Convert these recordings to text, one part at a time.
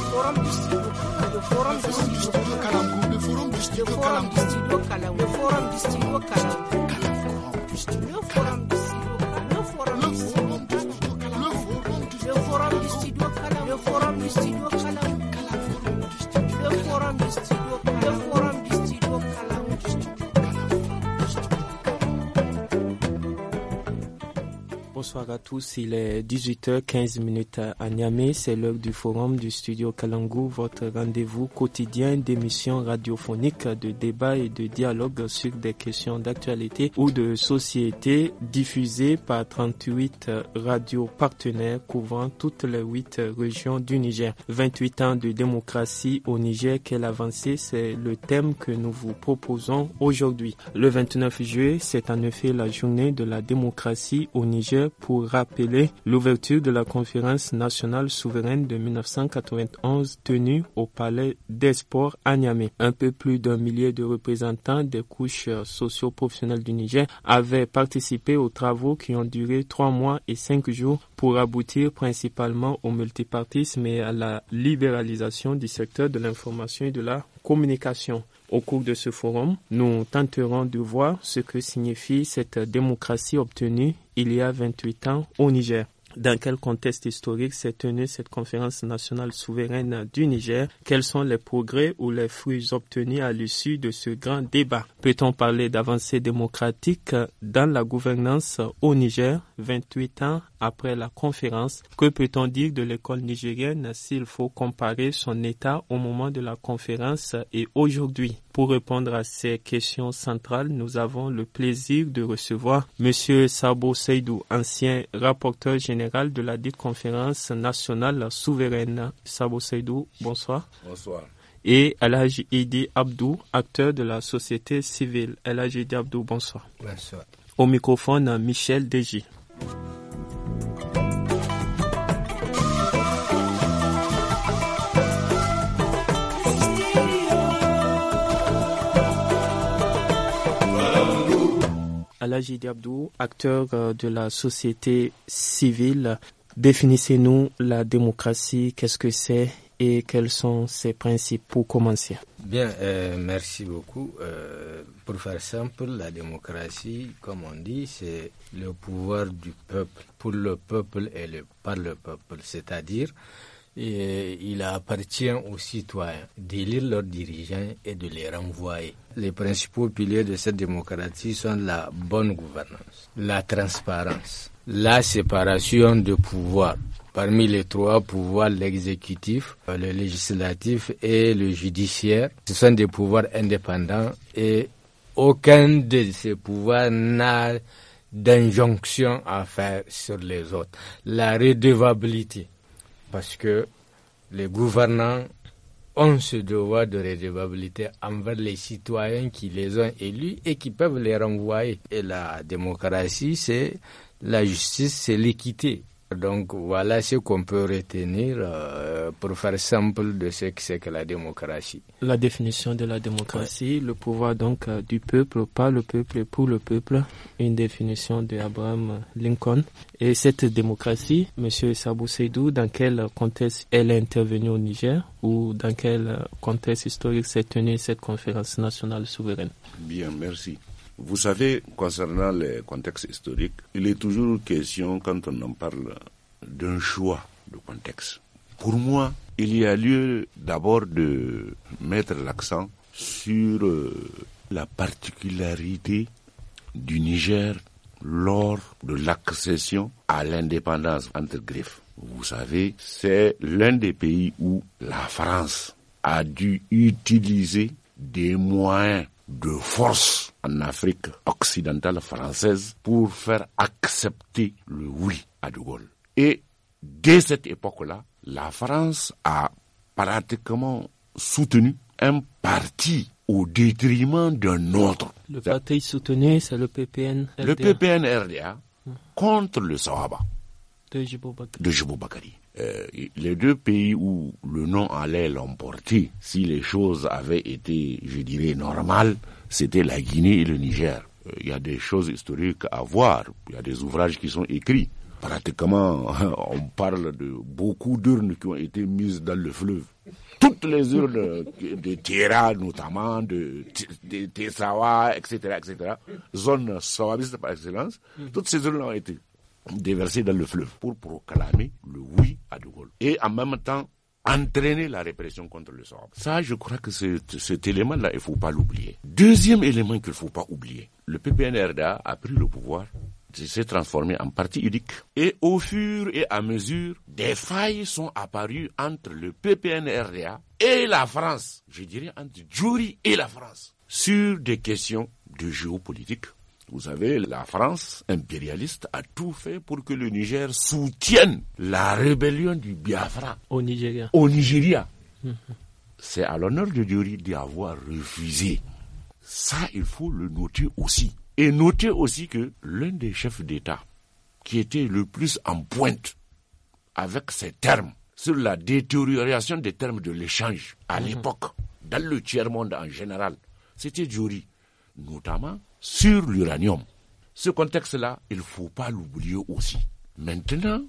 forum du studio le forum du le forum forum forum Bonsoir à tous, il est 18h15 à Niamey, c'est l'heure du forum du studio Kalangou, votre rendez-vous quotidien d'émissions radiophoniques, de débat et de dialogue sur des questions d'actualité ou de société diffusées par 38 radios partenaires couvrant toutes les 8 régions du Niger. 28 ans de démocratie au Niger, quelle avancée, c'est le thème que nous vous proposons aujourd'hui. Le 29 juillet, c'est en effet la journée de la démocratie au Niger pour rappeler l'ouverture de la conférence nationale souveraine de 1991 tenue au Palais des Sports à Niamey. Un peu plus d'un millier de représentants des couches socio-professionnelles du Niger avaient participé aux travaux qui ont duré trois mois et cinq jours pour aboutir principalement au multipartisme et à la libéralisation du secteur de l'information et de la communication. Au cours de ce forum, nous tenterons de voir ce que signifie cette démocratie obtenue il y a 28 ans au Niger. Dans quel contexte historique s'est tenue cette conférence nationale souveraine du Niger Quels sont les progrès ou les fruits obtenus à l'issue de ce grand débat Peut-on parler d'avancées démocratiques dans la gouvernance au Niger 28 ans après la conférence. Que peut-on dire de l'école nigérienne s'il faut comparer son état au moment de la conférence et aujourd'hui Pour répondre à ces questions centrales, nous avons le plaisir de recevoir M. Sabo Seydou, ancien rapporteur général de la dite conférence nationale souveraine. Sabo Seydou, bonsoir. Bonsoir et Alhaji Abdou, acteur de la société civile. Alhaji Abdou, bonsoir. Bonsoir. Au microphone, Michel Deji. Alajid Abdou, acteur euh, de la société civile, définissez-nous la démocratie, qu'est-ce que c'est et quels sont ses principes pour commencer Bien, euh, merci beaucoup. Euh, pour faire simple, la démocratie, comme on dit, c'est le pouvoir du peuple, pour le peuple et le, par le peuple, c'est-à-dire euh, il appartient aux citoyens d'élire leurs dirigeants et de les renvoyer. Les principaux piliers de cette démocratie sont la bonne gouvernance, la transparence, la séparation de pouvoir, Parmi les trois pouvoirs, l'exécutif, euh, le législatif et le judiciaire, ce sont des pouvoirs indépendants et aucun de ces pouvoirs n'a d'injonction à faire sur les autres. La redevabilité, parce que les gouvernants ont ce devoir de redevabilité envers les citoyens qui les ont élus et qui peuvent les renvoyer. Et la démocratie, c'est la justice, c'est l'équité. Donc voilà ce qu'on peut retenir euh, pour faire simple de ce que c'est que la démocratie. La définition de la démocratie, le pouvoir donc euh, du peuple, par le peuple et pour le peuple, une définition de Abraham Lincoln. Et cette démocratie, Monsieur Sabou Seydou, dans quel contexte elle est intervenue au Niger ou dans quel contexte historique s'est tenue cette conférence nationale souveraine Bien, merci. Vous savez, concernant les contextes historiques, il est toujours question, quand on en parle, d'un choix de contexte. Pour moi, il y a lieu d'abord de mettre l'accent sur euh, la particularité du Niger lors de l'accession à l'indépendance entre griffes. Vous savez, c'est l'un des pays où la France a dû utiliser des moyens de force en Afrique occidentale française pour faire accepter le oui à De Gaulle. Et dès cette époque-là, la France a pratiquement soutenu un parti au détriment d'un autre. Le parti soutenu, c'est le PPN. -RDA. Le PPN RDA hum. contre le Sahaba de Jibou Bakari. Euh, les deux pays où le nom allait l'emporter, si les choses avaient été, je dirais, normales, c'était la Guinée et le Niger. Il euh, y a des choses historiques à voir, il y a des ouvrages qui sont écrits. Pratiquement, on parle de beaucoup d'urnes qui ont été mises dans le fleuve. Toutes les urnes euh, de Tierra, notamment, de, Tessawa, etc., etc., zone sawabiste par excellence, toutes ces urnes ont été déversé dans le fleuve pour proclamer le oui à De Gaulle. Et en même temps, entraîner la répression contre le sort. Ça, je crois que cet, cet élément-là, il ne faut pas l'oublier. Deuxième élément qu'il ne faut pas oublier, le PPNRDA a pris le pouvoir s'est transformé en parti unique. Et au fur et à mesure, des failles sont apparues entre le PPNRDA et la France, je dirais entre Jury et la France, sur des questions de géopolitique, vous savez, la France impérialiste a tout fait pour que le Niger soutienne la rébellion du Biafra. Au Nigeria. Au Nigeria. Mhm. C'est à l'honneur de Diori d'y avoir refusé. Ça, il faut le noter aussi. Et noter aussi que l'un des chefs d'État qui était le plus en pointe avec ses termes sur la détérioration des termes de l'échange à mhm. l'époque, dans le tiers-monde en général, c'était Diori. Notamment sur l'uranium. Ce contexte-là, il ne faut pas l'oublier aussi. Maintenant,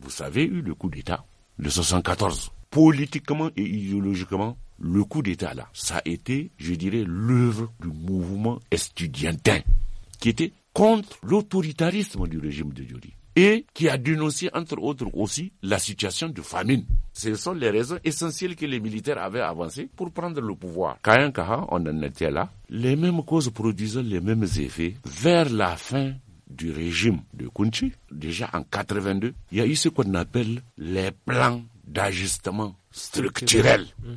vous savez, eu le coup d'État de 74. Politiquement et idéologiquement, le coup d'État là, ça a été, je dirais, l'œuvre du mouvement estudiantin qui était contre l'autoritarisme du régime de Jody et qui a dénoncé, entre autres aussi, la situation de famine. Ce sont les raisons essentielles que les militaires avaient avancées pour prendre le pouvoir. Kayankaha, on en était là. Les mêmes causes produisent les mêmes effets vers la fin du régime de Kunchi. Déjà en 82, il y a eu ce qu'on appelle les plans d'ajustement structurel mhm.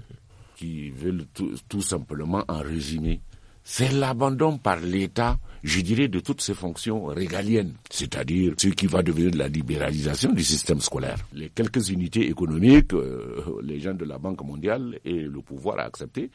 qui veulent tout, tout, simplement en résumer c'est l'abandon par l'État, je dirais, de toutes ses fonctions régaliennes, c'est-à-dire ce qui va devenir la libéralisation du système scolaire. Les quelques unités économiques, euh, les gens de la Banque mondiale et le pouvoir a accepté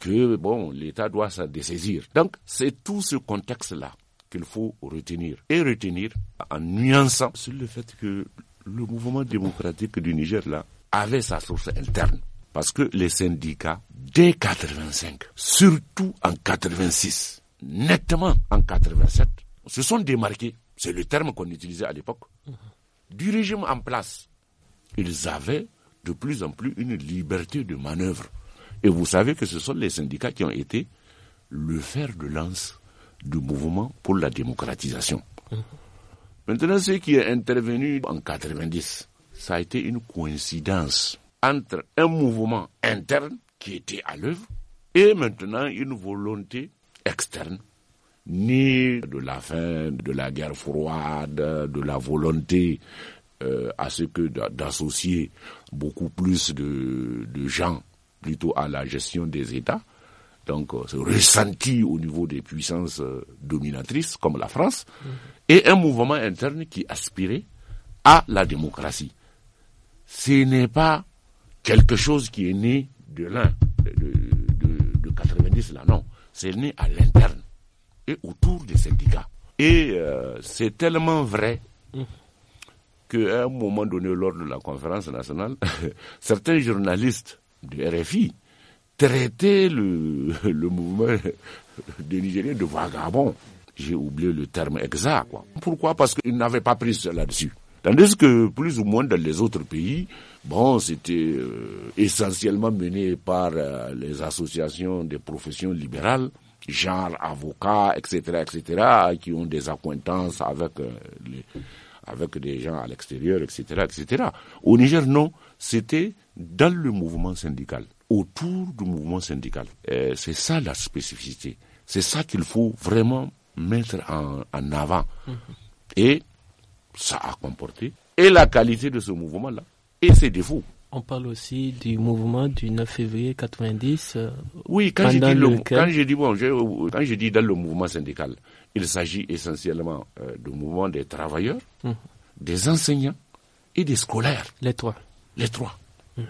que bon, l'État doit s'en dessaisir. Donc, c'est tout ce contexte-là qu'il faut retenir et retenir en nuançant sur le fait que le mouvement démocratique du Niger là avait sa source interne parce que les syndicats dès 85, surtout en 86, nettement en 87, se sont démarqués, c'est le terme qu'on utilisait à l'époque, du régime en place. Ils avaient de plus en plus une liberté de manœuvre. Et vous savez que ce sont les syndicats qui ont été le fer de lance du mouvement pour la démocratisation. Maintenant, ce qui est intervenu en 90, ça a été une coïncidence entre un mouvement interne qui était à l'œuvre, et maintenant une volonté externe, ni de la fin de la guerre froide, de la volonté euh, à ce que d'associer beaucoup plus de, gens plutôt à la gestion des États, donc euh, ce ressenti au niveau des puissances euh, dominatrices comme la France, mm-hmm. et un mouvement interne qui aspirait à la démocratie. Ce n'est pas quelque chose qui est né de l'un de, 90 là, non. C'est né à l'interne et autour des syndicats. Et euh, c'est tellement vrai qu'à un moment donné, lors de la conférence nationale, certains journalistes de RFI traitaient le, mouvement des Nigériens de vagabond. J'ai oublié le terme exact. Quoi. Pourquoi Parce qu'ils n'avaient pas pris cela dessus. Tandis que plus ou moins dans les autres pays, Bon, c'était euh, essentiellement mené par euh, les associations des professions libérales, genre avocats, etc., etc., qui ont des acquaintances avec euh, les, avec des gens à l'extérieur, etc., etc. Au Niger, non, c'était dans le mouvement syndical, autour du mouvement syndical. c'est ça la spécificité. C'est ça qu'il faut vraiment mettre en, avant. Mm-hmm. Et ça a comporté et la qualité de ce mouvement-là et de vous On parle aussi du mouvement du 9 février 90. Euh, oui, quand je dis euh, dans le mouvement syndical, il s'agit essentiellement euh, du mouvement des travailleurs, mhm. des enseignants et des scolaires. Les trois. Les trois. Mhm.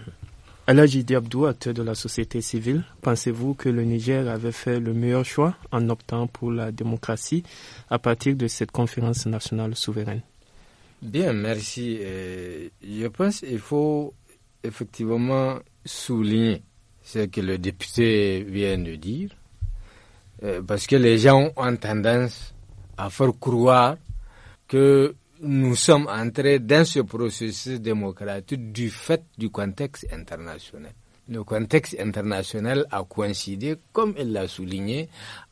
Alors, Jidi Abdou, acteur de la société civile, pensez-vous que le Niger avait fait le meilleur choix en optant pour la démocratie à partir de cette conférence nationale souveraine Bien, merci. Euh, je pense qu'il faut effectivement souligner ce que le député vient de dire, euh, parce que les gens ont tendance à faire croire que nous sommes entrés dans ce processus démocratique du fait du contexte international. Le contexte international a coïncidé, comme il l'a souligné,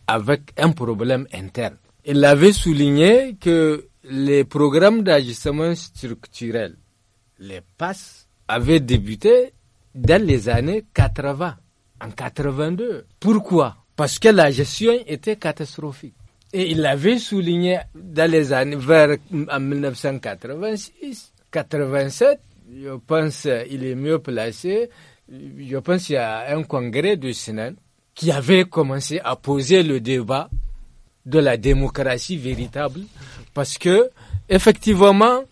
avec un problème interne. Il avait souligné que les programmes d'ajustement structurel, les PAS, avaient débuté dans les années 80, en 82. Pourquoi Parce que la gestion était catastrophique. Et il l'avait souligné dans les années vers en 1986, 87. Je pense il est mieux placé. Je pense qu'il y a un congrès du Sénat qui avait commencé à poser le débat de la démocratie véritable parce que effectivement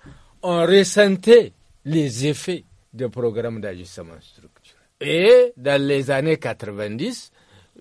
on ressentait les effets des programmes d'ajustement structurel. Et dans les années 90,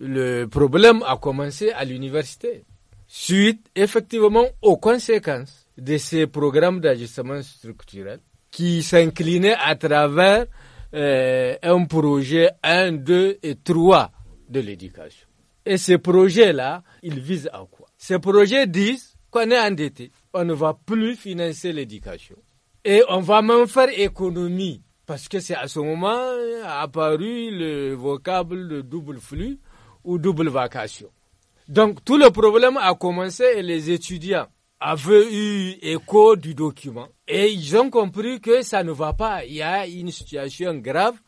le problème a commencé à l'université, suite effectivement aux conséquences de ces programmes d'ajustement structurel qui s'inclinaient à travers euh, un projet 1, 2 et 3 de l'éducation. Et ces projets-là, ils visent à quoi ces projets disent qu'on est endetté, on ne va plus financer l'éducation. Et on va même faire économie, parce que c'est à ce moment apparu le vocable de double flux ou double vacation. Donc tout le problème a commencé et les étudiants avaient eu écho du document et ils ont compris que ça ne va pas. Il y a une situation grave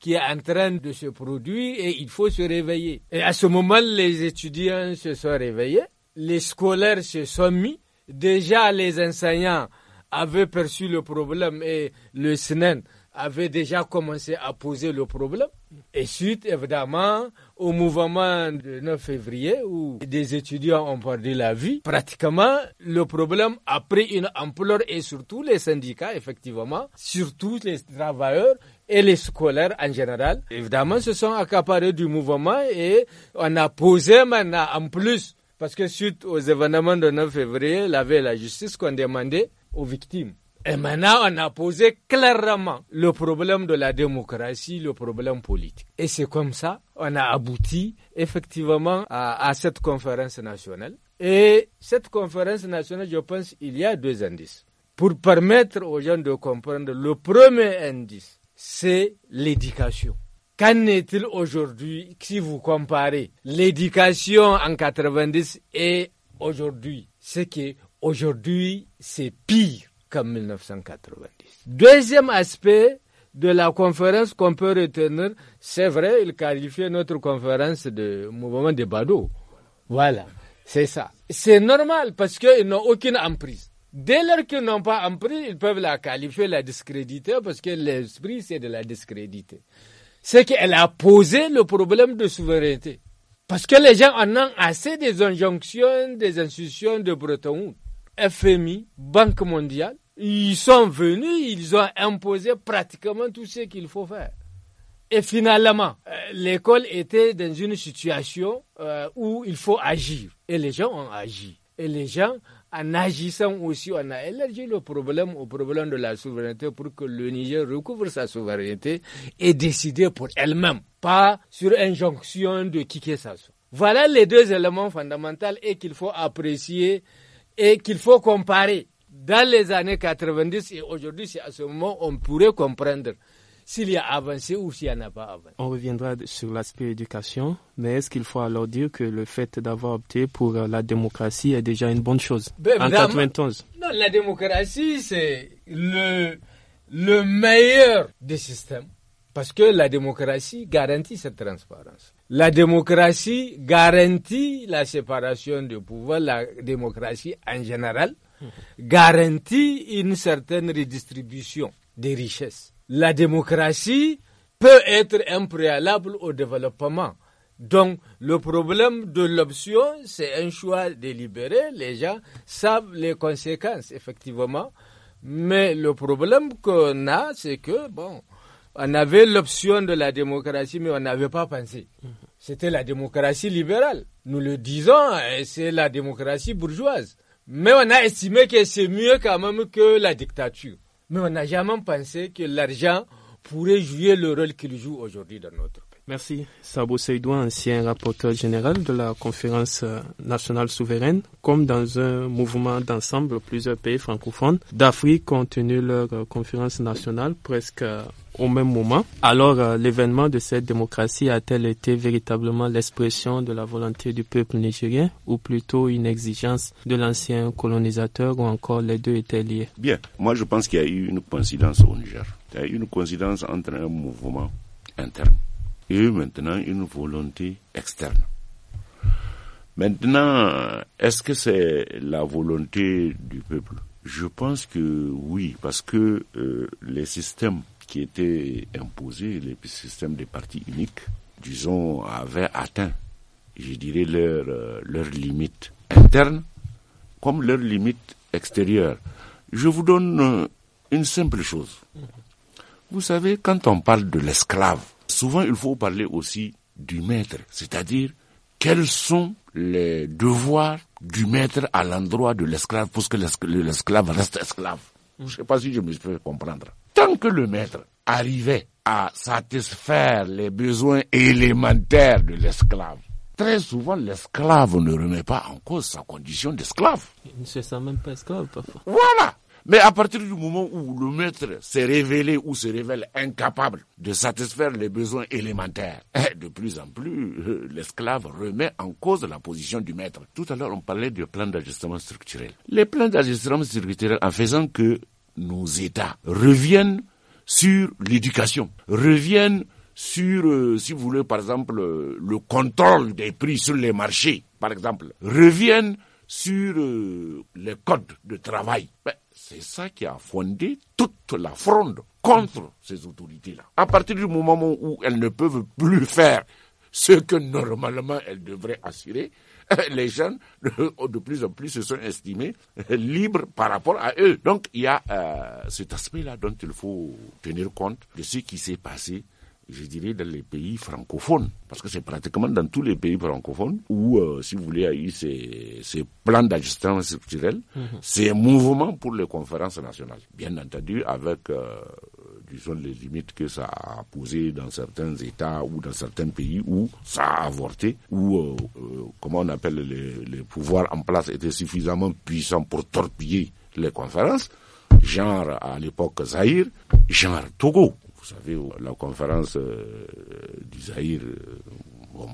qui est en train de se produire et il faut se réveiller. Et à ce moment, les étudiants se sont réveillés les scolaires se sont mis. Déjà, les enseignants avaient perçu le problème et le SNEN avait déjà commencé à poser le problème. Et suite, évidemment, au mouvement du 9 février où des étudiants ont perdu la vie, pratiquement, le problème a pris une ampleur et surtout les syndicats, effectivement, surtout les travailleurs et les scolaires en général, évidemment, se sont accaparés du mouvement et on a posé maintenant en plus parce que suite aux événements de 9 février, y avait la justice qu'on demandait aux victimes. Et maintenant, on a posé clairement le problème de la démocratie, le problème politique. Et c'est comme ça, on a abouti effectivement à, à cette conférence nationale. Et cette conférence nationale, je pense, il y a deux indices. Pour permettre aux gens de comprendre, le premier indice, c'est l'éducation. Qu'en est-il aujourd'hui si vous comparez l'éducation en 90 et aujourd'hui C'est que aujourd'hui c'est pire qu'en 1990. Deuxième aspect de la conférence qu'on peut retenir, c'est vrai, il qualifiait notre conférence de mouvement de Bado. Voilà, c'est ça. C'est normal parce qu'ils n'ont aucune emprise. Dès lors qu'ils n'ont pas emprise, ils peuvent la qualifier, la discréditer parce que l'esprit c'est de la discréditer c'est qu'elle a posé le problème de souveraineté. Parce que les gens en ont assez des injonctions des institutions de Bretton Woods. FMI, Banque mondiale, ils sont venus, ils ont imposé pratiquement tout ce qu'il faut faire. Et finalement, euh, l'école était dans une situation euh, où il faut agir. Et les gens ont agi. Et les gens en agissant aussi, on a élargi le problème au problème de la souveraineté pour que le Niger recouvre sa souveraineté et décide pour elle-même, pas sur injonction de qui que ce soit. Voilà les deux éléments fondamentaux et qu'il faut apprécier et qu'il faut comparer. Dans les années 90 et aujourd'hui, c'est à ce moment on pourrait comprendre s'il y a avancé ou s'il n'y en a pas avancé. On reviendra sur l'aspect éducation, mais est-ce qu'il faut alors dire que le fait d'avoir opté pour euh, la démocratie est déjà une bonne chose ben, en Non, la démocratie, c'est le, meilleur des systèmes. Parce que la démocratie garantit cette transparence. La démocratie garantit la séparation de pouvoir, la démocratie en général mmh. garantit une certaine redistribution des richesses la démocratie peut être un préalable au développement. Donc, le problème de l'option, c'est un choix délibéré. Les gens savent les conséquences, effectivement. Mais le problème qu'on a, c'est que, bon, on avait l'option de la démocratie, mais on n'avait pas pensé. C'était la démocratie libérale. Nous le disons, c'est la démocratie bourgeoise. Mais on a estimé que c'est mieux quand même que la dictature mais on n'a jamais pensé que l'argent pourrait jouer le rôle qu'il joue aujourd'hui dans notre Merci. Sabo Seydouan, ancien rapporteur général de la conférence euh, nationale souveraine, comme dans un mouvement d'ensemble, plusieurs pays francophones d'Afrique ont tenu leur euh, conférence nationale presque euh, au même moment. Alors, l'événement de cette démocratie a-t-elle été véritablement l'expression de la volonté du peuple nigérien ou plutôt une exigence de l'ancien colonisateur ou encore les deux étaient liés Bien, moi je pense qu'il y a eu une coïncidence au Niger. Il y a eu une coïncidence entre un mouvement interne et maintenant une volonté externe. Maintenant, est-ce que c'est la volonté du peuple Je pense que oui, parce que euh, les systèmes qui étaient imposés, les systèmes des partis uniques, disons, avaient atteint, je dirais, leurs euh, leur limite interne, comme leur limite extérieure. Je vous donne euh, une simple chose. Vous savez, quand on parle de l'esclave, souvent il faut parler aussi du maître, c'est-à-dire quels sont les devoirs du maître à l'endroit de l'esclave pour que l'esclave reste esclave. Mm. Je ne sais pas si je me fait comprendre. Tant que le maître arrivait à satisfaire les besoins élémentaires de l'esclave, très souvent l'esclave ne remet pas en cause sa condition d'esclave. Il ne se sent même pas esclave parfois. Voilà mais à partir du moment où le maître s'est révélé ou se révèle incapable de satisfaire les besoins élémentaires, eh, de plus en plus, euh, l'esclave remet en cause la position du maître. Tout à l'heure, on parlait du plan d'ajustement structurel. Les plans d'ajustement structurel, en faisant que nos États reviennent sur l'éducation, reviennent sur, euh, si vous voulez, par exemple, euh, le contrôle des prix sur les marchés, par exemple, reviennent sur les codes de travail. C'est ça qui a fondé toute la fronde contre ces autorités-là. À partir du moment où elles ne peuvent plus faire ce que normalement elles devraient assurer, les jeunes, de plus en plus, se sont estimés libres par rapport à eux. Donc, il y a euh, cet aspect-là dont il faut tenir compte de ce qui s'est passé je dirais, dans les pays francophones, parce que c'est pratiquement dans tous les pays francophones où, euh, si vous voulez, il y a eu ces, plans d'ajustement structurel, mhm. ces mouvements pour les conférences nationales. Bien entendu, avec, euh, du les limites que ça a posées dans certains États ou dans certains pays où ça a avorté, où, euh, comment on appelle, les, les pouvoirs en place étaient suffisamment puissants pour torpiller les conférences, genre à l'époque Zahir, genre Togo. Vous savez, la conférence euh, du Zahir, euh, bon,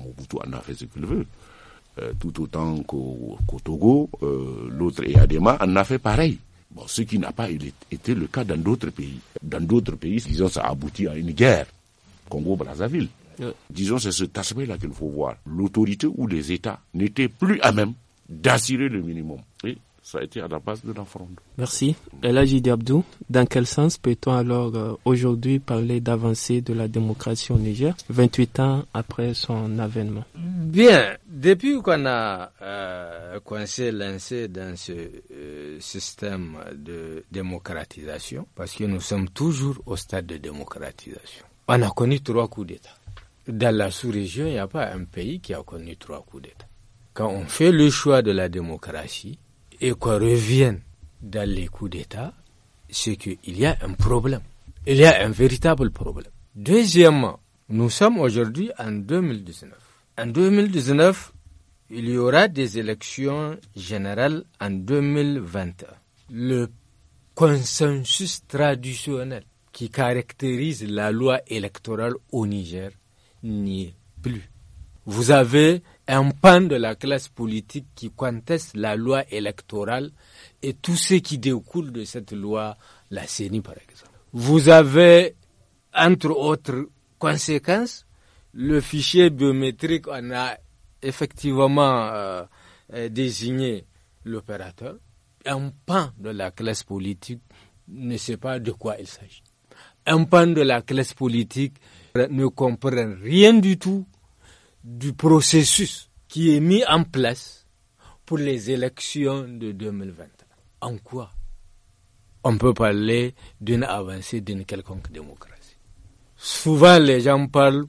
en a fait ce qu'il veut. Euh, tout autant qu'au Togo, l'autre, l'autre Adema, en a fait pareil. Bon, ce qui n'a pas été le cas dans d'autres pays. Dans d'autres pays, disons, ça aboutit à une guerre. Congo-Brazzaville. Disons, c'est cet aspect-là qu'il faut voir. L'autorité ou les États n'étaient plus à même d'assurer le minimum ça a été à la base de la Merci. Et là, Jidi Abdou, dans quel sens peut-on alors euh, aujourd'hui parler d'avancée de la démocratie au Niger, 28 ans après son avènement Bien, depuis qu'on a euh, lancé dans ce euh, système de démocratisation, parce que nous sommes toujours au stade de démocratisation, on a connu trois coups d'État. Dans la sous-région, il n'y a pas un pays qui a connu trois coups d'État. Quand on fait le choix de la démocratie, et qu'on revienne dans les coups d'État, c'est qu'il y a un problème. Il y a un véritable problème. Deuxièmement, nous sommes aujourd'hui en 2019. En 2019, il y aura des élections générales en 2021. Le consensus traditionnel qui caractérise la loi électorale au Niger n'y est plus. Vous avez un pan de la classe politique qui conteste la loi électorale et tout ce qui découle de cette loi, la CENI par exemple. Vous avez, entre autres conséquences, le fichier biométrique, on a effectivement euh, désigné l'opérateur. Un pan de la classe politique ne sait pas de quoi il s'agit. Un pan de la classe politique ne comprend rien du tout du processus qui est mis en place pour les élections de 2020. En quoi on peut parler d'une avancée d'une quelconque démocratie Souvent, les gens parlent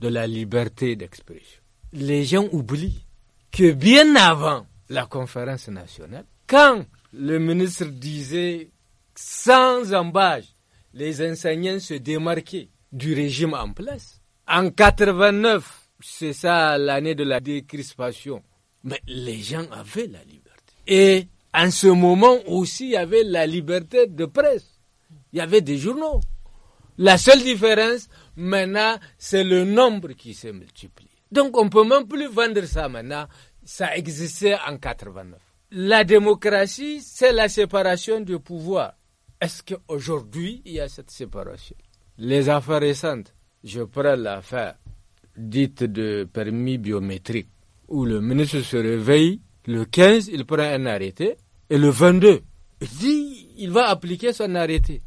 de la liberté d'expression. Les gens oublient que bien avant la conférence nationale, quand le ministre disait sans embâche, les enseignants se démarquaient du régime en place, en 89, c'est ça l'année de la décrispation. Mais les gens avaient la liberté. Et en ce moment aussi, il y avait la liberté de presse. Il y avait des journaux. La seule différence, maintenant, c'est le nombre qui se multiplie. Donc, on ne peut même plus vendre ça maintenant. Ça existait en 89. La démocratie, c'est la séparation du pouvoir. Est-ce qu'aujourd'hui, il y a cette séparation Les affaires récentes, je prends l'affaire dite de permis biométrique, où le ministre se réveille le 15, il prend un arrêté, et le 22, il dit, il va appliquer son arrêté.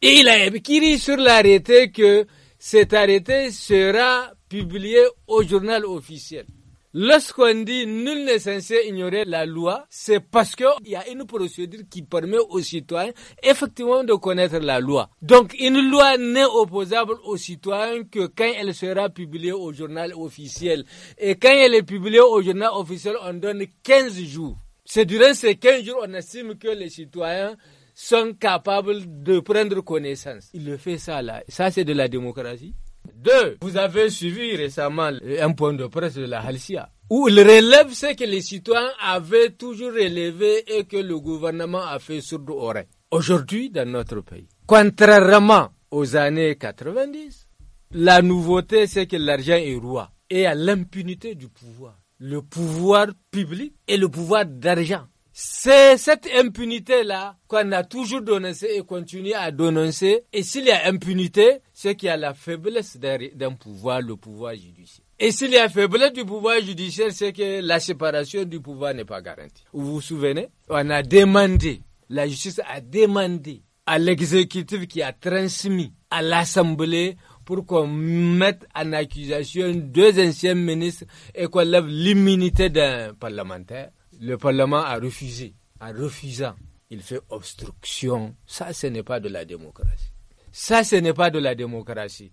Et il a écrit sur l'arrêté que cet arrêté sera publié au journal officiel. Lorsqu'on dit nul n'est censé ignorer la loi, c'est parce qu'il y a une procédure qui permet aux citoyens effectivement de connaître la loi. Donc une loi n'est opposable aux citoyens que quand elle sera publiée au journal officiel. Et quand elle est publiée au journal officiel, on donne 15 jours. C'est durant ces 15 jours on estime que les citoyens sont capables de prendre connaissance. Il le fait ça là. Ça c'est de la démocratie. Deux, vous avez suivi récemment un point de presse de la Halcia où il relève ce que les citoyens avaient toujours relevé et que le gouvernement a fait sourde oreille. Aujourd'hui, dans notre pays, contrairement aux années 90, la nouveauté, c'est que l'argent est roi et à l'impunité du pouvoir. Le pouvoir public est le pouvoir d'argent. C'est cette impunité-là qu'on a toujours dénoncé et continue à dénoncer. Et s'il y a impunité, c'est qu'il y a la faiblesse d'un pouvoir, le pouvoir judiciaire. Et s'il y a faiblesse du pouvoir judiciaire, c'est que la séparation du pouvoir n'est pas garantie. Vous vous souvenez On a demandé, la justice a demandé à l'exécutif qui a transmis à l'Assemblée pour qu'on mette en accusation deux anciens ministres et qu'on lève l'immunité d'un parlementaire le Parlement a refusé. En refusant, il fait obstruction. Ça, ce n'est pas de la démocratie. Ça, ce n'est pas de la démocratie.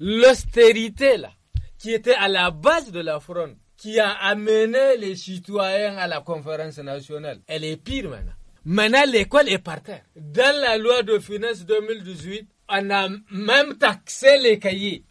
L'austérité, là, qui était à la base de la fronde, qui a amené les citoyens à la conférence nationale, elle est pire maintenant. Maintenant, l'école est par terre. Dans la loi de finances 2018, on a même taxé les cahiers.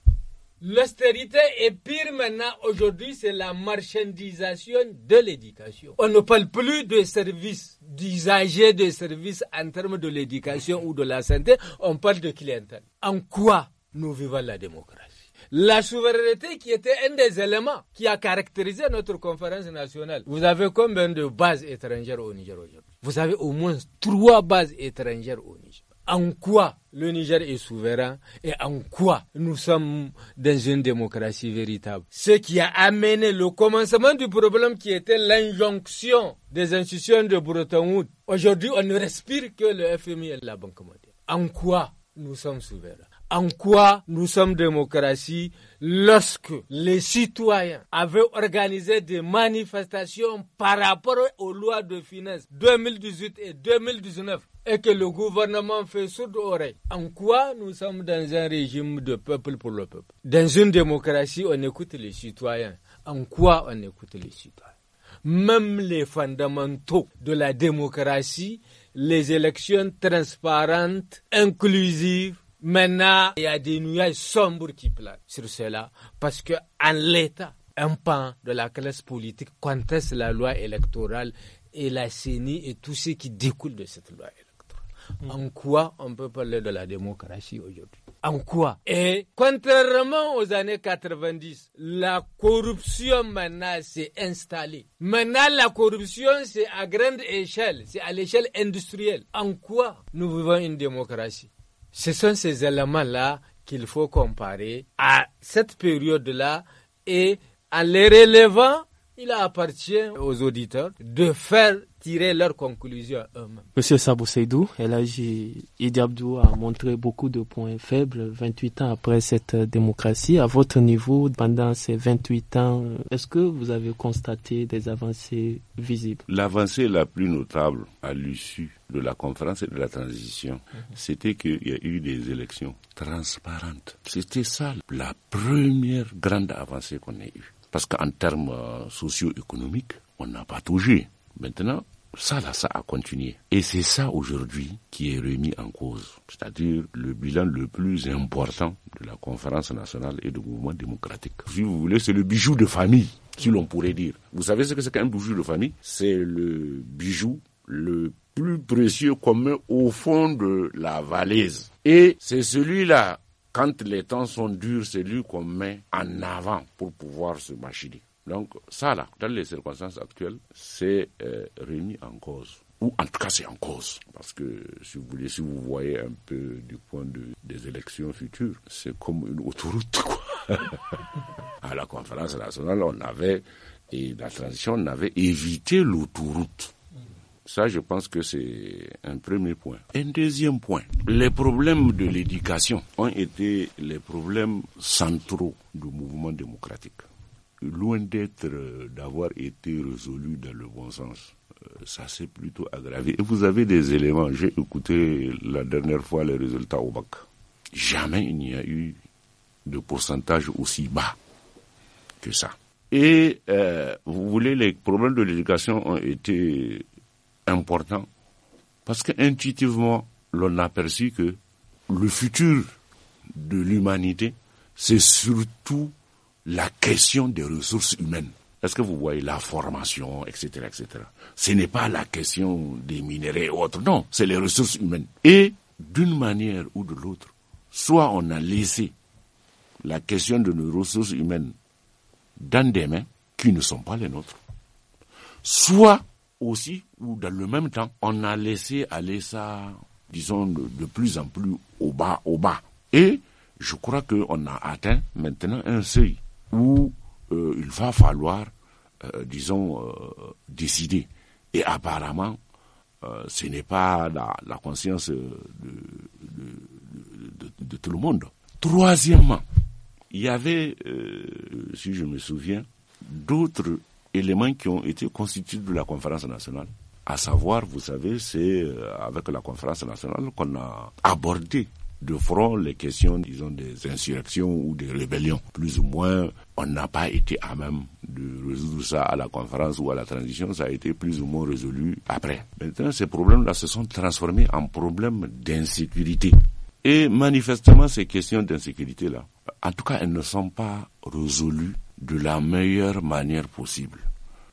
L'austérité est pire maintenant aujourd'hui, c'est la marchandisation de l'éducation. On ne parle plus de services, d'usagers de services en termes de l'éducation ou de la santé, on parle de clientèle. En quoi nous vivons la démocratie La souveraineté qui était un des éléments qui a caractérisé notre conférence nationale. Vous avez combien de bases étrangères au Niger aujourd'hui Vous avez au moins trois bases étrangères au Niger en quoi le Niger est souverain et en quoi nous sommes dans une démocratie véritable. Ce qui a amené le commencement du problème qui était l'injonction des institutions de Bretton Woods. Aujourd'hui, on ne respire que le FMI et la Banque mondiale. En quoi nous sommes souverains en quoi nous sommes démocratie lorsque les citoyens avaient organisé des manifestations par rapport aux lois de finances 2018 et 2019 et que le gouvernement fait sourd oreille. En quoi nous sommes dans un régime de peuple pour le peuple Dans une démocratie, on écoute les citoyens. En quoi on écoute les citoyens Même les fondamentaux de la démocratie, les élections transparentes, inclusives, Maintenant, il y a des nuages sombres qui planent sur cela parce que en l'état, un pan de la classe politique conteste la loi électorale et la CENI et tout ce qui découle de cette loi électorale. Hmm. En quoi on peut parler de la démocratie aujourd'hui En quoi Et contrairement aux années 90, la corruption maintenant s'est installée. Maintenant, la corruption, c'est à grande échelle, c'est à l'échelle industrielle. En quoi nous vivons une démocratie ce sont ces éléments-là qu'il faut comparer à cette période-là et à les relevant, il appartient aux auditeurs de faire tirer leurs conclusions eux-mêmes. Monsieur Seydou, Idi Abdou a montré beaucoup de points faibles 28 ans après cette démocratie. À votre niveau, pendant ces 28 ans, est-ce que vous avez constaté des avancées visibles L'avancée la plus notable à l'issue de la conférence et de la transition, mhm. c'était qu'il y a eu des élections transparentes. C'était ça la première grande avancée qu'on ait eue. Parce qu'en termes euh, socio-économiques, on n'a pas touché. Maintenant, ça, là, ça a continué. Et c'est ça aujourd'hui qui est remis en cause, c'est-à-dire le bilan le plus important de la conférence nationale et du mouvement démocratique. Si vous voulez, c'est le bijou de famille, si l'on pourrait dire. Vous savez ce que c'est qu'un bijou de famille C'est le bijou le plus précieux qu'on met au fond de la valise. Et c'est celui-là quand les temps sont durs, c'est lui qu'on met en avant pour pouvoir se machiner. Donc ça, là, dans les circonstances actuelles, c'est euh, remis en cause. Ou en tout cas, c'est en cause. Parce que, si vous voulez, si vous voyez un peu du point de des élections futures, c'est comme une autoroute, à la conférence nationale, on avait, et la transition, on avait évité l'autoroute. Ça, je pense que c'est un premier point. Un deuxième point, les problèmes de l'éducation ont été les problèmes centraux du mouvement démocratique. Loin d'être, euh, d'avoir été résolus dans le bon sens, euh, ça s'est plutôt aggravé. Et vous avez des éléments. J'ai écouté la dernière fois les résultats au bac. Jamais il n'y a eu de pourcentage aussi bas que ça. Et euh, vous voulez, les problèmes de l'éducation ont été important parce qu'intuitivement, l'on a perçu que le futur de l'humanité, c'est surtout la question des ressources humaines. Est-ce que vous voyez la formation, etc., etc. Ce n'est pas la question des minéraux et autres, non, c'est les ressources humaines. Et d'une manière ou de l'autre, soit on a laissé la question de nos ressources humaines dans des mains qui ne sont pas les nôtres, soit aussi, ou dans le même temps, on a laissé aller ça, disons, de, plus en plus au bas, au bas. Et je crois qu'on a atteint maintenant un seuil où euh, il va falloir, euh, disons, euh, décider. Et apparemment, ce n'est pas la, conscience de, de, de, tout le monde. Troisièmement, il y avait, si je me souviens, d'autres éléments qui ont été constitués de la conférence nationale. À savoir, vous savez, c'est euh, avec la conférence nationale qu'on a abordé de front les questions, disons, des insurrections ou des rébellions. Plus ou moins, on n'a pas été à même de résoudre ça à la conférence ou à la transition. Ça a été plus ou moins résolu après. Maintenant, ces problèmes-là se sont transformés en problèmes d'insécurité. Et manifestement, ces questions d'insécurité-là, en tout cas, elles ne sont pas résolues de la meilleure manière possible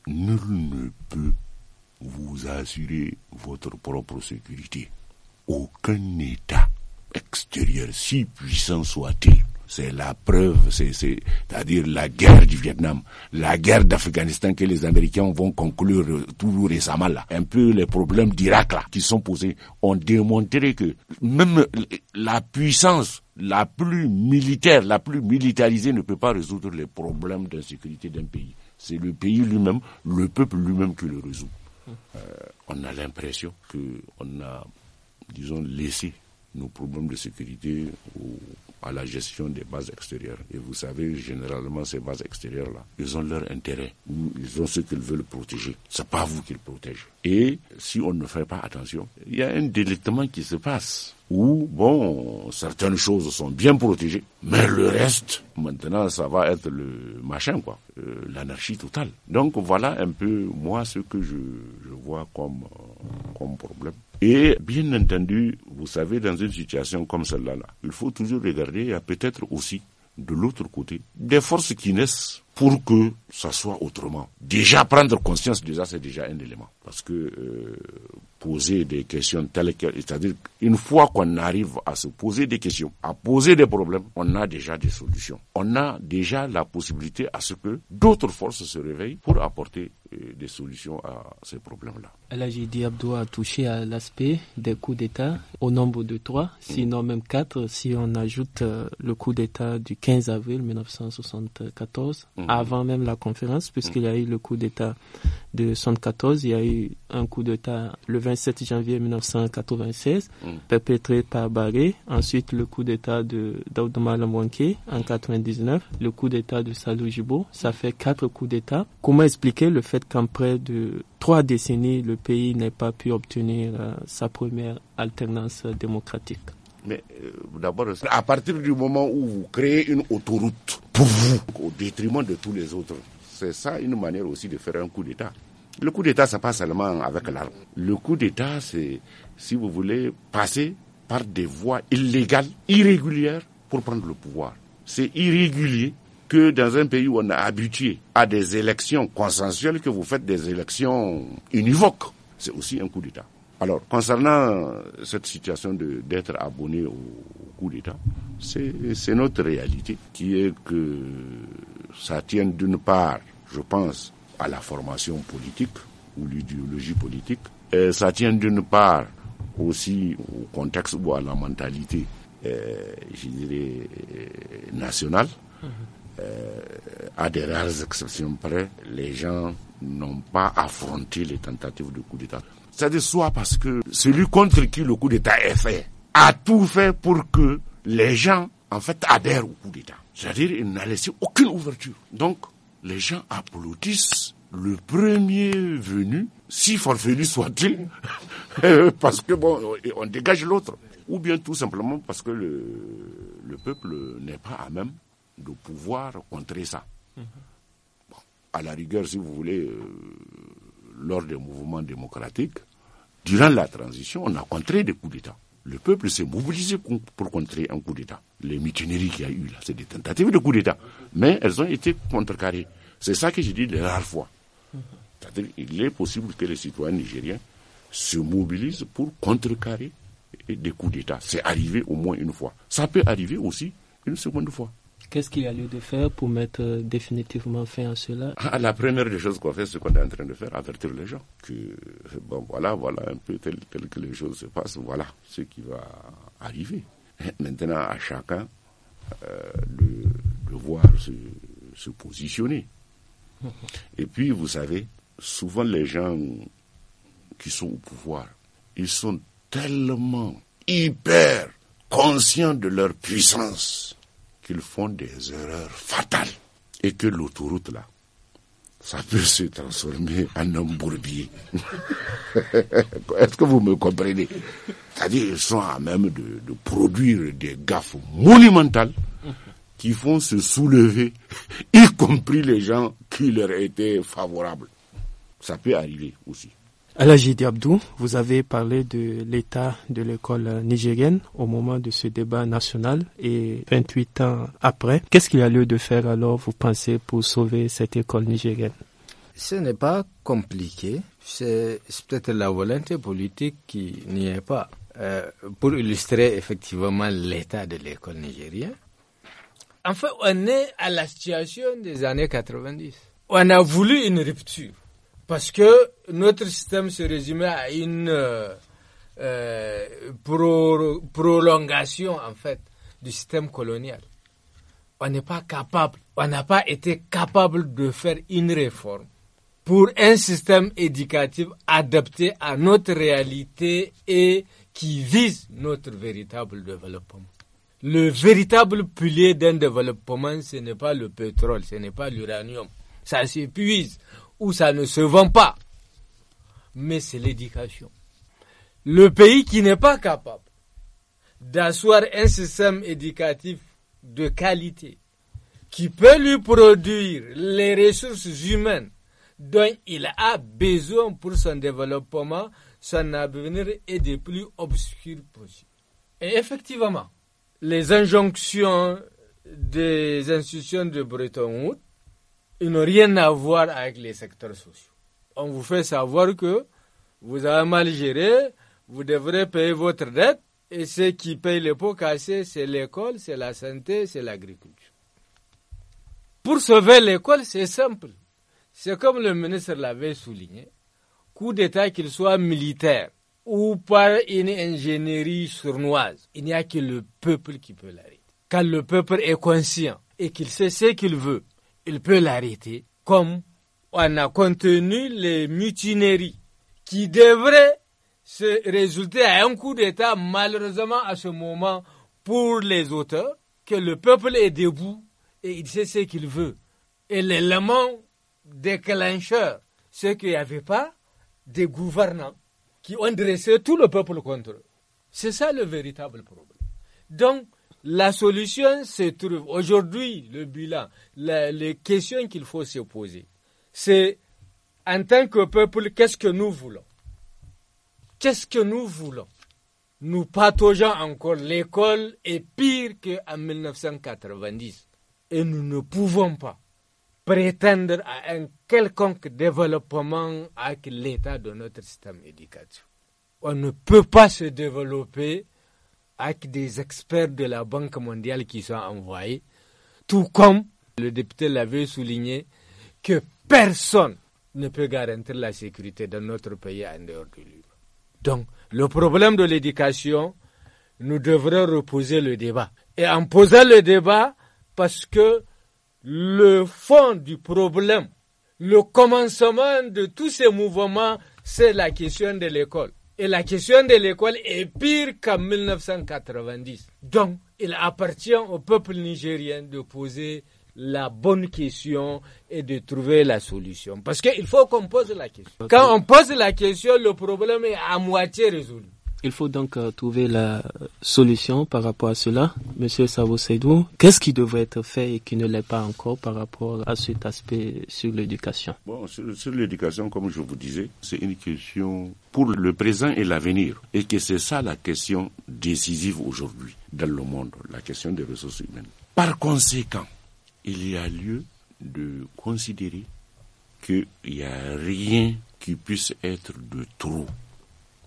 nul ne peut vous assurer votre propre sécurité. Aucun État extérieur, si puissant soit-il, c'est la preuve, c'est-à-dire la guerre du Vietnam, la guerre d'Afghanistan que les Américains vont conclure tout récemment là. Un peu les problèmes d'Irak là qui sont posés ont démontré que même la puissance la plus militaire, la plus militarisée ne peut pas résoudre les problèmes d'insécurité d'un pays. C'est le pays lui-même, le peuple lui-même qui le résout. Euh, on a l'impression qu'on a, disons, laissé nos problèmes de sécurité à la gestion des bases extérieures. Et vous savez, généralement, ces bases extérieures-là, ils ont leur intérêt, ou ils ont ce qu'ils veulent protéger. C'est pas vous qu'ils protègent. Et si on ne fait pas attention, il y a un délectement qui se passe où, bon, certaines choses sont bien protégées, mais le reste, maintenant, ça va être le machin, quoi, euh, l'anarchie totale. Donc voilà un peu, moi, ce que je, vois euh, comme, problème. Et bien entendu, vous savez, dans une situation comme celle-là, il faut toujours regarder, il y a peut-être aussi, de l'autre côté, des forces qui naissent pour que ça soit autrement. Déjà prendre conscience, de déjà, c'est déjà un élément. Parce que euh, poser des questions telles que, c'est-à-dire une fois qu'on arrive à se poser des questions, à poser des problèmes, on a déjà des solutions. On a déjà la possibilité à ce que d'autres forces se réveillent pour apporter euh, des solutions à ces problèmes-là. dit Abdo a touché à l'aspect des coups d'État au nombre de trois, sinon même quatre, si on ajoute euh, le coup d'État du 15 avril 1974, mhm. avant même la conférence, puisqu'il y a eu le coup d'État de 1974, il y a eu un coup d'État le 27 janvier 1996, mm. perpétré par Barré. Ensuite, le coup d'État de Daoudouma en 1999, le coup d'État de Salou Jibo. Ça fait quatre coups d'État. Comment expliquer le fait qu'en près de trois décennies, le pays n'ait pas pu obtenir euh, sa première alternance démocratique mais euh, d'abord, à partir du moment où vous créez une autoroute pour vous, au détriment de tous les autres, c'est ça une manière aussi de faire un coup d'État. Le coup d'État, ça passe seulement avec l'arme. Le coup d'État, c'est, si vous voulez, passer par des voies illégales, irrégulières, pour prendre le pouvoir. C'est irrégulier que dans un pays où on a habitué à des élections consensuelles, que vous faites des élections univoques. C'est aussi un coup d'État. Alors, concernant cette situation d'être abonné au, au coup d'État, c'est notre réalité qui est que ça tient d'une part, je pense, à la formation politique ou l'idéologie politique. ça tient d'une part aussi au contexte ou à la mentalité, euh, je dirais, euh, nationale. Mhm. Euh, à des rares exceptions près, les gens n'ont pas affronté les tentatives de coup d'État. C'est-à-dire soit parce que celui contre qui le coup d'État est fait a tout fait pour que les gens, en fait, adhèrent au coup d'État. C'est-à-dire, il n'a laissé aucune ouverture. Donc, les gens applaudissent le premier venu, si venu soit-il, parce que bon, on dégage l'autre. Ou bien tout simplement parce que le, peuple n'est pas à même de pouvoir contrer ça. à la rigueur, si vous voulez, euh, lors des mouvements démocratiques, durant la transition, on a contré des coups d'État. Le peuple s'est mobilisé pour contrer un coup d'État. Les mutineries qu'il y a eu là, c'est des tentatives de coup d'État. Mais elles ont été contrecarrées. C'est ça que j'ai dit la rares fois. C'est-à-dire qu'il est possible que les citoyens nigériens se mobilisent pour contrecarrer des coups d'État. C'est arrivé au moins une fois. Ça peut arriver aussi une seconde fois. Qu'est-ce qu'il y a lieu de faire pour mettre euh, définitivement fin à cela ah, La première des choses qu'on fait, c'est ce qu'on est en train de faire, avertir les gens que, bon, voilà, voilà un peu tel, que les choses se passent, voilà ce qui va arriver. Maintenant, à chacun euh, de, voir se, positionner. Et puis, vous savez, souvent les gens qui sont au pouvoir, ils sont tellement hyper conscients de leur puissance qu'ils font des erreurs fatales et que l'autoroute là, ça peut se transformer en un bourbier. Est-ce que vous me comprenez C'est-à-dire qu'ils sont à même de, de produire des gaffes monumentales qui font se soulever, y compris les gens qui leur étaient favorables. Ça peut arriver aussi. Alajidi Abdou, vous avez parlé de l'état de l'école nigérienne au moment de ce débat national et 28 ans après. Qu'est-ce qu'il y a lieu de faire alors, vous pensez, pour sauver cette école nigérienne Ce n'est pas compliqué. C'est peut-être la volonté politique qui n'y est pas. Euh, pour illustrer effectivement l'état de l'école nigérienne, en fait, on est à la situation des années 90. On a voulu une rupture parce que notre système se résumait à une euh, euh, prolongation, en fait, du système colonial. On n'est pas capable, on n'a pas été capable de faire une réforme pour un système éducatif adapté à notre réalité et qui vise notre véritable développement. Le véritable pilier d'un développement, ce n'est pas le pétrole, ce n'est pas l'uranium. Ça s'épuise où ça ne se vend pas. Mais c'est l'éducation. Le pays qui n'est pas capable d'asseoir un système éducatif de qualité qui peut lui produire les ressources humaines dont il a besoin pour son développement, son avenir est des plus obscurs possible. Et effectivement, les injonctions des institutions de Bretton Woods ils n'ont rien à voir avec les secteurs sociaux. On vous fait savoir que vous avez mal géré, vous devrez payer votre dette, et ceux qui payent les pots cassés, c'est l'école, c'est la santé, c'est l'agriculture. Pour sauver l'école, c'est simple. C'est comme le ministre l'avait souligné, coup d'État qu'il soit militaire ou par une ingénierie sournoise, il n'y a que le peuple qui peut l'arrêter. Quand le peuple est conscient et qu'il sait ce qu'il veut, il peut l'arrêter, comme on a contenu les mutineries qui devraient se résulter à un coup d'État, malheureusement, à ce moment, pour les auteurs, que le peuple est debout et il sait ce qu'il veut. Et l'élément déclencheur, ce qu'il n'y avait pas des gouvernants qui ont dressé tout le peuple contre eux. C'est ça le véritable problème. Donc, la solution se trouve aujourd'hui, le bilan, les questions qu'il faut se poser, c'est en tant que peuple, qu'est-ce que nous voulons Qu'est-ce que nous voulons Nous pataugeons encore. L'école est pire qu'en 1990. Et nous ne pouvons pas prétendre à un quelconque développement avec l'état de notre système éducatif. On ne peut pas se développer avec des experts de la Banque mondiale qui sont envoyés, tout comme le député l'avait souligné, que personne ne peut garantir la sécurité dans notre pays en dehors de lui. Donc, le problème de l'éducation, nous devrons reposer le débat. Et en posant le débat, parce que le fond du problème, le commencement de tous ces mouvements, c'est la question de l'école. Et la question de l'école est pire qu'en 1990. Donc, il appartient au peuple nigérien de poser la bonne question et de trouver la solution. Parce qu'il faut qu'on pose la question. Quand on pose la question, le problème est à moitié résolu. Il faut donc euh, trouver la solution par rapport à cela. Monsieur Seydou, qu'est-ce qui devrait être fait et qui ne l'est pas encore par rapport à cet aspect sur l'éducation sur, sur l'éducation, comme je vous disais, c'est une question pour le présent et l'avenir. Et que c'est ça la question décisive aujourd'hui dans le monde, la question des ressources humaines. Par conséquent, il y a lieu de considérer qu'il n'y a rien qui puisse être de trop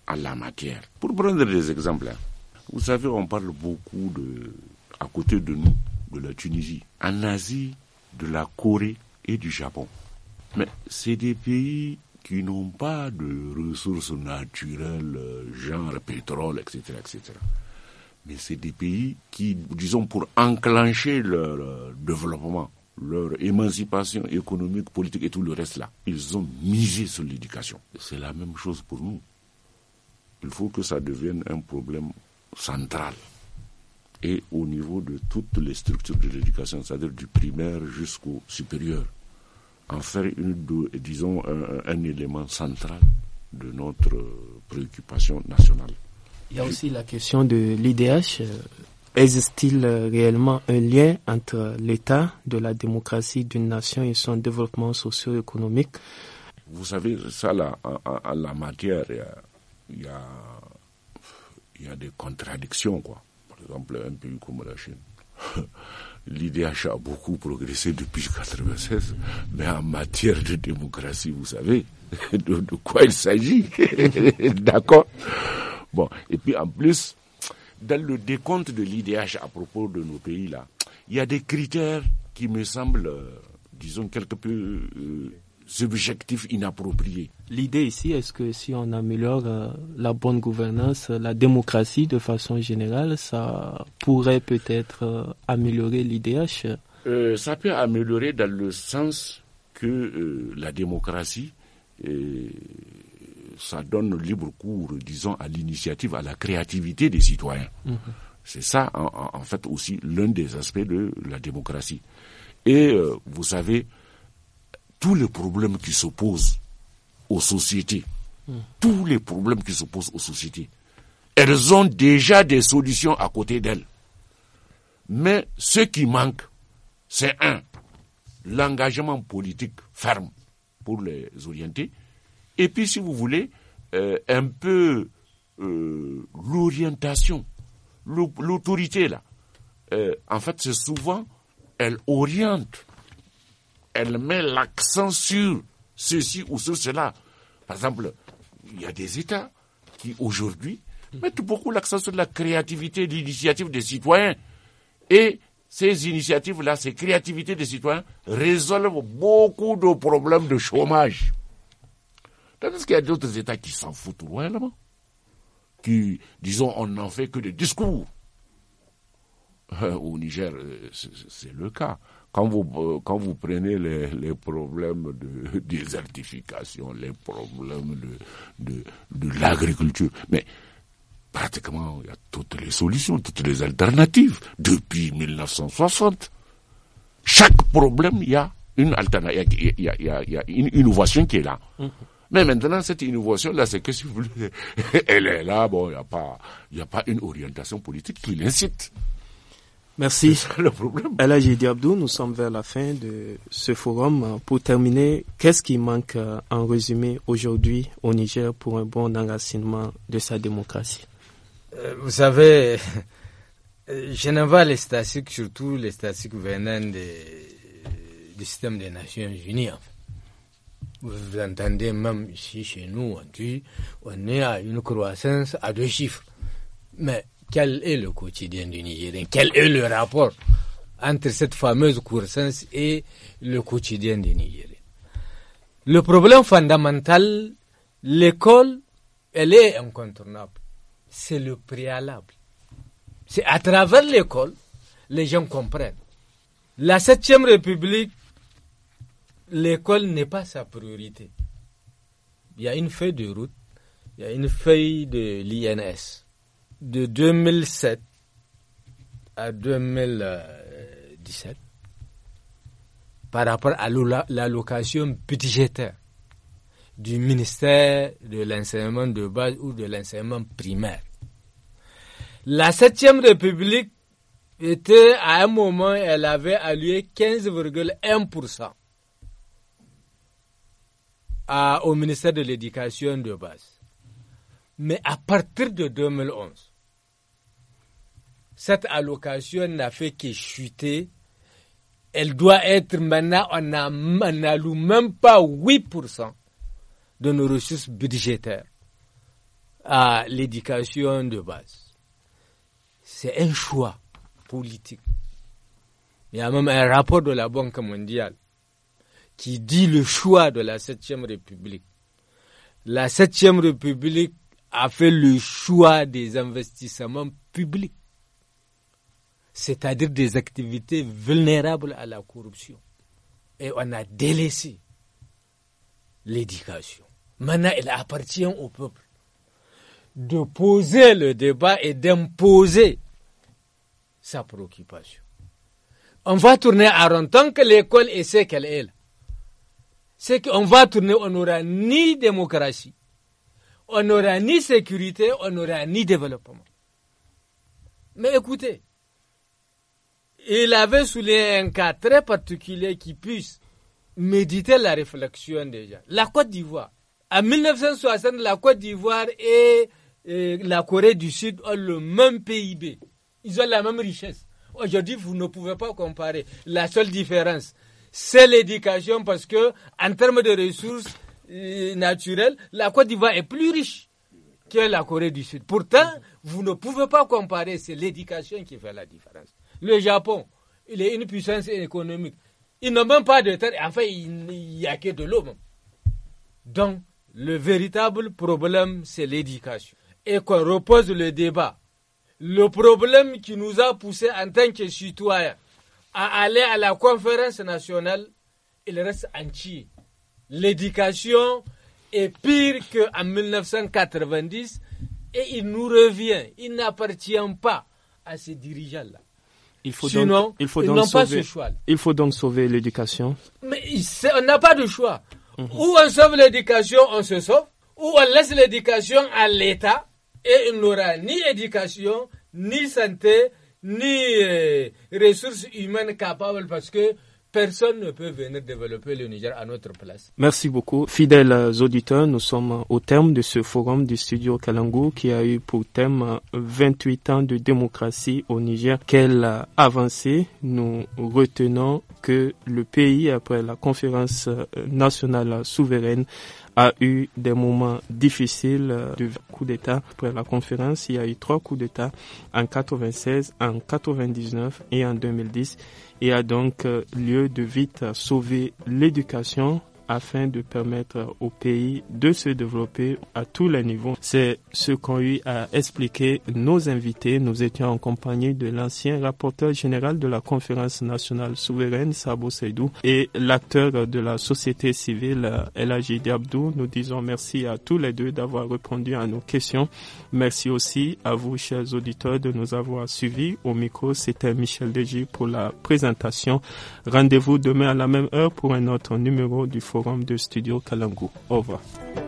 à la matière. Pour prendre des exemples, vous savez, on parle beaucoup de, à côté de nous, de la Tunisie, en Asie, de la Corée et du Japon. Mais c'est des pays qui n'ont pas de ressources naturelles, genre pétrole, etc. etc. Mais c'est des pays qui, disons, pour enclencher leur euh, développement, leur émancipation économique, politique et tout le reste là, ils ont misé sur l'éducation. C'est la même chose pour nous. Il faut que ça devienne un problème central et au niveau de toutes les structures de l'éducation, c'est-à-dire du primaire jusqu'au supérieur, en faire une, disons un, élément central de notre préoccupation nationale. Il y a aussi la question de l'IDH. Existe-t-il euh, réellement un lien entre l'état de la démocratie d'une nation et son développement socio-économique Vous savez, ça, là à la matière il y a, il y a des contradictions, quoi. Par exemple, un pays comme la Chine. L'IDH a beaucoup progressé depuis 1996, mais en matière de démocratie, vous savez de, quoi il s'agit. D'accord Bon, et puis en plus, dans le décompte de l'IDH à propos de nos pays, là, il y a des critères qui me semblent, euh, disons, quelque peu euh, subjectif inapproprié. L'idée ici, est-ce que si on améliore euh, la bonne gouvernance, euh, la démocratie de façon générale, ça pourrait peut-être euh, améliorer l'IDH Ça peut améliorer dans le sens que la démocratie, ça donne libre cours, disons, à l'initiative, à la créativité des citoyens. Mhm. C'est ça, en, fait, aussi l'un des aspects de la démocratie. Et vous savez, tous les problèmes qui se posent aux sociétés, hmm. tous les problèmes qui se posent aux sociétés, elles ont déjà des solutions à côté d'elles. Mais ce qui manque, c'est un, l'engagement politique ferme pour les orienter, et puis si vous voulez, euh, un peu euh, l'orientation, l'autorité là. Euh, en fait, c'est souvent, elle oriente elle met l'accent sur ceci ou sur cela. Par exemple, il y a des États qui aujourd'hui mettent beaucoup l'accent sur la créativité l'initiative des citoyens. Et ces initiatives-là, ces créativités des citoyens résolvent beaucoup de problèmes de chômage. Tandis qu'il y a d'autres États qui s'en foutent loin qui, disons, on n'en fait que des discours. Euh, au Niger, euh, c'est le cas. Quand vous, euh, quand vous prenez les, problèmes de désertification, les problèmes de, l'agriculture, mais pratiquement, il y a toutes les solutions, toutes les alternatives. Depuis 1960, chaque problème, il y a une alternative, il y a, une innovation qui est là. Mm-hmm. Mais maintenant, cette innovation-là, c'est que si vous voulez, elle est là, bon, il n'y a, a pas une orientation politique qui l'incite. Merci. le Alors, j'ai dit nous sommes vers la fin de ce forum. Pour terminer, qu'est-ce qui manque euh, en résumé aujourd'hui au Niger pour un bon enracinement de sa démocratie euh, Vous savez, euh, je ne vois les statistiques, surtout les statistiques venant du système des Nations Unies. Vous entendez même ici chez nous, on on est à une croissance à deux chiffres. Mais quel est le quotidien du Nigérien Quel est le rapport entre cette fameuse coursence et le quotidien du Nigérien Le problème fondamental, l'école, elle est incontournable. C'est le préalable. C'est à travers l'école, les gens comprennent. La 7 République, l'école n'est pas sa priorité. Il y a une feuille de route, il y a une feuille de l'INS de 2007 à 2017 par rapport à l'allocation budgétaire du ministère de l'enseignement de base ou de l'enseignement primaire. La septième République était à un moment, elle avait alloué 15,1% au ministère de l'éducation de base. Mais à partir de 2011, cette allocation n'a fait que chuter. Elle doit être maintenant, on n'alloue même pas 8% de nos ressources budgétaires à l'éducation de base. C'est un choix politique. Il y a même un rapport de la Banque mondiale qui dit le choix de la Septième République. La Septième République a fait le choix des investissements publics c'est-à-dire des activités vulnérables à la corruption. Et on a délaissé l'éducation. Maintenant, il appartient au peuple de poser le débat et d'imposer sa préoccupation. On va tourner à rond tant que l'école est ce qu'elle est. C'est qu'on va tourner, on n'aura ni démocratie, on n'aura ni sécurité, on n'aura ni développement. Mais écoutez, il avait souligné un cas très particulier qui puisse méditer la réflexion déjà. La Côte d'Ivoire. En 1960, la Côte d'Ivoire et, la Corée du Sud ont le même PIB. Ils ont la même richesse. Aujourd'hui, vous ne pouvez pas comparer. La seule différence, c'est l'éducation parce que, en termes de ressources euh, naturelles, la Côte d'Ivoire est plus riche que la Corée du Sud. Pourtant, vous ne pouvez pas comparer. C'est l'éducation qui fait la différence. Le Japon, il est une puissance économique. Il n'a même pas de terre. Enfin, il n'y a que de l'eau. Donc, le véritable problème, c'est l'éducation. Et qu'on repose le débat. Le problème qui nous a poussé en tant que citoyens à aller à la conférence nationale, il reste entier. L'éducation est pire qu'en 1990 et il nous revient. Il n'appartient pas à ces dirigeants-là faut Sinon, il faut donc pas ce choix. Il faut donc sauver l'éducation. Mais on n'a pas de choix. Mhm. Ou on sauve l'éducation, on se sauve, ou on laisse l'éducation à l'État et il n'aura ni éducation, ni santé, ni euh, ressources humaines capables parce que personne ne peut venir développer le Niger à notre place. Merci beaucoup. Fidèles auditeurs, nous sommes au terme de ce forum du studio Kalangou qui a eu pour thème 28 ans de démocratie au Niger. Quelle avancée nous retenons que le pays, après la conférence nationale souveraine, a eu des moments difficiles de coup d'État. Après la conférence, il y a eu trois coups d'État en 96, en 99 et en 2010 et a donc euh, lieu de vite sauver l'éducation afin de permettre au pays de se développer à tous les niveaux. C'est ce qu'ont eu à expliquer nos invités. Nous étions en compagnie de l'ancien rapporteur général de la Conférence nationale souveraine, Sabo Seydou, et l'acteur de la société civile, Elagidi Abdou. Nous disons merci à tous les deux d'avoir répondu à nos questions. Merci aussi à vous, chers auditeurs, de nous avoir suivis. Au micro, c'était Michel Deji pour la présentation. Rendez-vous demain à la même heure pour un autre numéro du forum de Studio Kalangu. Au revoir.